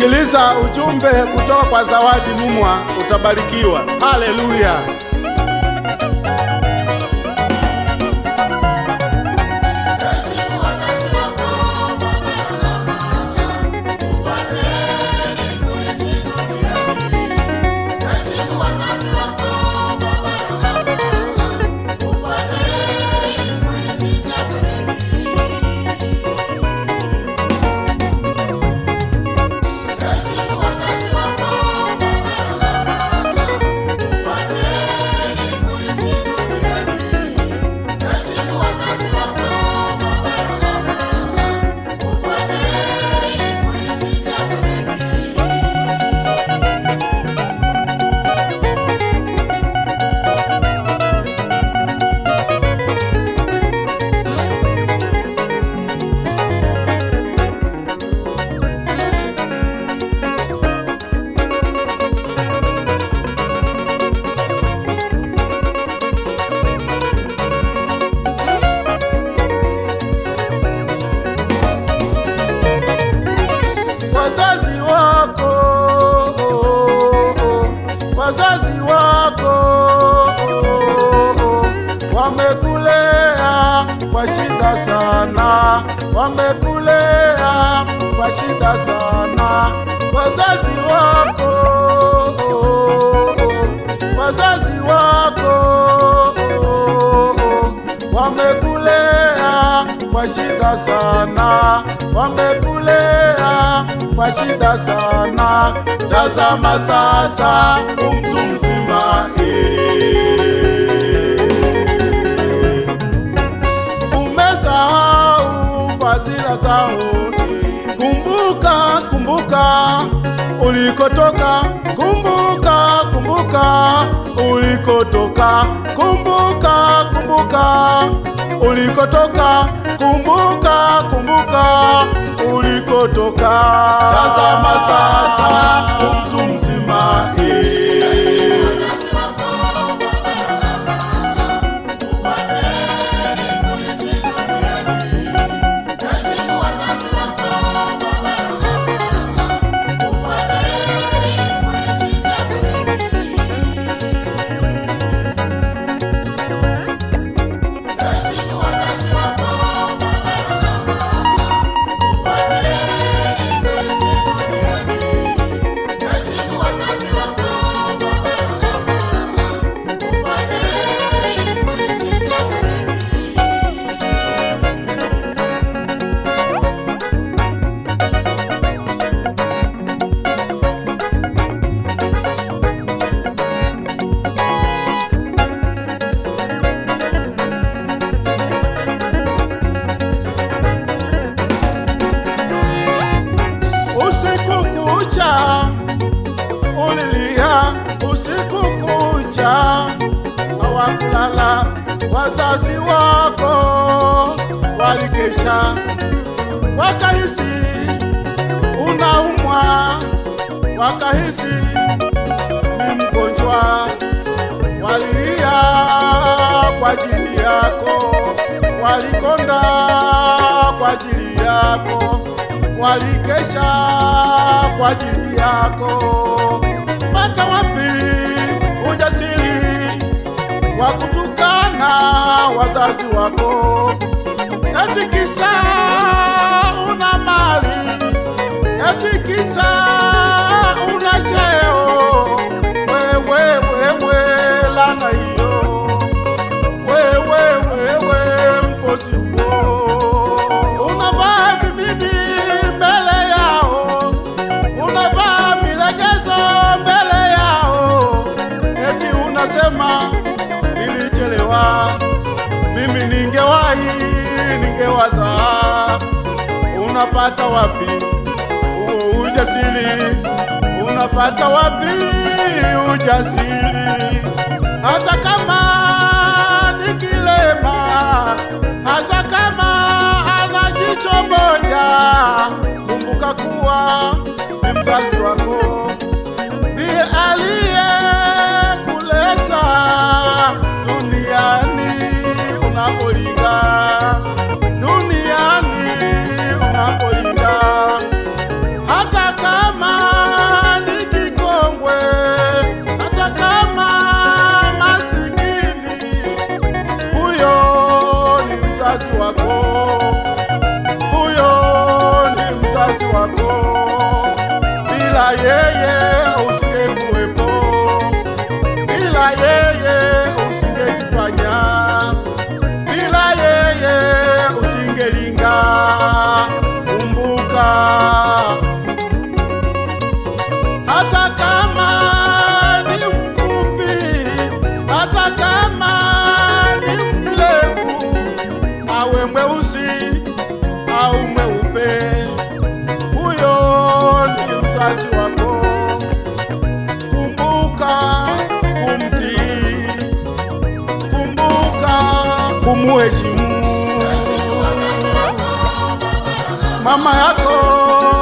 Sikiliza ujumbe kutoka kwa Zawadi Mumwa, utabarikiwa. Haleluya! wamekulea kwa shida sana, wamekulea kwa shida sana, wazazi wako, wazazi wako wamekulea kwa shida sana, wamekulea kwa shida sana. Tazama sasa mtu mzima eh. haya zaoni. Kumbuka, kumbuka ulikotoka, kumbuka, kumbuka ulikotoka, kumbuka, kumbuka ulikotoka, kumbuka, kumbuka ulikotoka. Tazama sasa, mtu mzima hii usiku kucha, ulilia usiku kucha, hawakulala wazazi wako, walikesha wakahisi unaumwa, wakahisi ni mgonjwa, walilia kwa ajili yako, walikonda kwa ajili yako walikesha kwa ajili yako. Pata wapi ujasiri wa kutukana wazazi wako, eti kisa una mali, eti kisa una cheo hii ningewaza, unapata wapi huo ujasiri? Unapata wapi ujasiri? Hata kama nikilema kilema hata na kolinga muheshimu mama yako